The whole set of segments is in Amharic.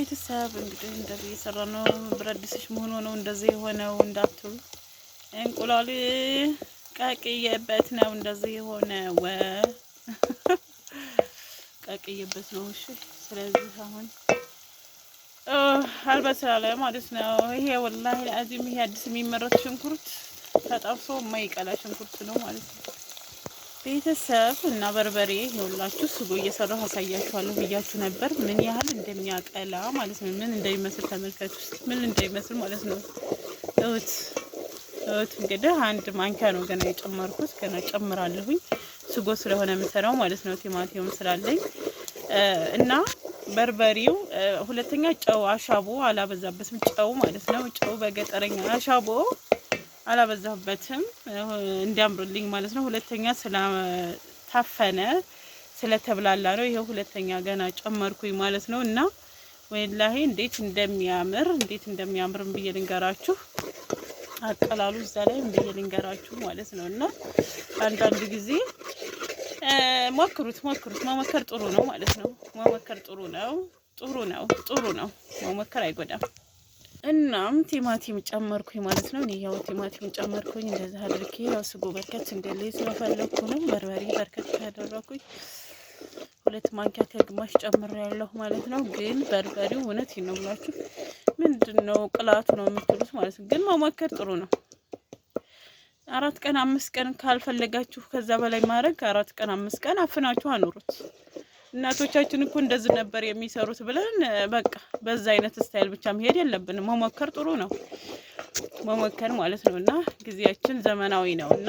ቤተሰብ እንግዲህ እንደዚህ እየሰራ ነው። ብረት መሆኑ ነው እንደዚህ የሆነው እንዳትሉ። እንቁላል ቀቅዬበት ነው እንደዚህ የሆነው ቀቅዬበት ነው። እሺ፣ ስለዚህ አሁን አልበሰለ ማለት ነው። ይሄ ወላሂ ለአዚም ይሄ አዲስ የሚመረት ሽንኩርት ተጠብሶ የማይቀላ ሽንኩርት ነው ማለት ነው። ቤተሰብ እና በርበሬ ይኸውላችሁ ስጎ እየሰራሁ አሳያችኋለሁ ብያችሁ ነበር። ምን ያህል እንደሚያቀላ ማለት ነው። ምን እንደሚመስል ተመልከቱ። ምን እንደሚመስል ማለት ነው። እውት እውት እንግዲህ አንድ ማንኪያ ነው ገና የጨመርኩት። ገና ጨምራለሁኝ። ስጎ ስለሆነ የምሰራው ማለት ነው። ቲማቲም ስላለኝ እና በርበሬው ሁለተኛ ጨው አሻቦ አላበዛበትም። ጨው ማለት ነው። ጨው በገጠረኛ አሻቦ አላበዛሁበትም እንዲያምርልኝ ማለት ነው። ሁለተኛ ስለታፈነ ስለተብላላ ነው። ይሄ ሁለተኛ ገና ጨመርኩኝ ማለት ነው። እና ወላሂ እንዴት እንደሚያምር እንዴት እንደሚያምር ብዬ ልንገራችሁ። አጠላሉ እዛ ላይ ብዬ ልንገራችሁ ማለት ነው። እና አንዳንድ ጊዜ ሞክሩት ሞክሩት። መሞከር ጥሩ ነው ማለት ነው። መሞከር ጥሩ ነው ጥሩ ነው ጥሩ ነው። መሞከር አይጎዳም። እናም ቲማቲም ጨመርኩኝ ማለት ነው። እኔ ያው ቲማቲም ጨመርኩኝ እንደዚህ አድርጌ ያው ስጎ በርከት እንደሌ ስለፈለግኩ ነው። በርበሬ በርከት ካደረኩኝ ሁለት ማንኪያ ከግማሽ ጨምር ያለሁ ማለት ነው። ግን በርበሬው እውነት ነው ምንድን ነው ቅላቱ ነው የምትሉት ማለት ነው። ግን መሞከር ጥሩ ነው። አራት ቀን አምስት ቀን ካልፈለጋችሁ ከዛ በላይ ማድረግ አራት ቀን አምስት ቀን አፍናችሁ አኑሩት። እናቶቻችን እኮ እንደዚህ ነበር የሚሰሩት ብለን በቃ በዛ አይነት ስታይል ብቻ መሄድ የለብንም። መሞከር ጥሩ ነው፣ መሞከር ማለት ነው። እና ጊዜያችን ዘመናዊ ነው እና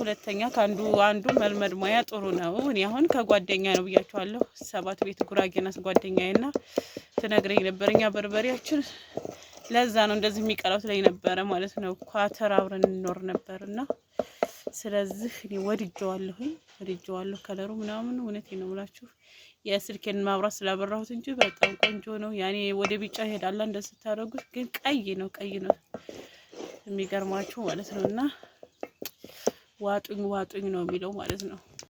ሁለተኛ ከአንዱ አንዱ መልመድ ሙያ ጥሩ ነው። እኔ አሁን ከጓደኛ ነው ብያቸዋለሁ። ሰባት ቤት ጉራጌናስ ጓደኛዬና ትነግረኝ ነበር። እኛ በርበሬያችን ለዛ ነው እንደዚህ የሚቀረው ትለኝ ነበረ ማለት ነው። ኳተር አብረን እንኖር ነበር እና ስለዚህ እኔ ወድጀዋለሁኝ ወድጀዋለሁ ከለሩ ምናምን እውነት ነው የምላችሁ የስልኬን ማብራት ስላበራሁት እንጂ በጣም ቆንጆ ነው። ያኔ ወደ ቢጫ ይሄዳላ እንደ ስታደርጉት ግን ቀይ ነው ቀይ ነው የሚገርማችሁ ማለት ነው። እና ዋጡኝ ዋጡኝ ነው የሚለው ማለት ነው።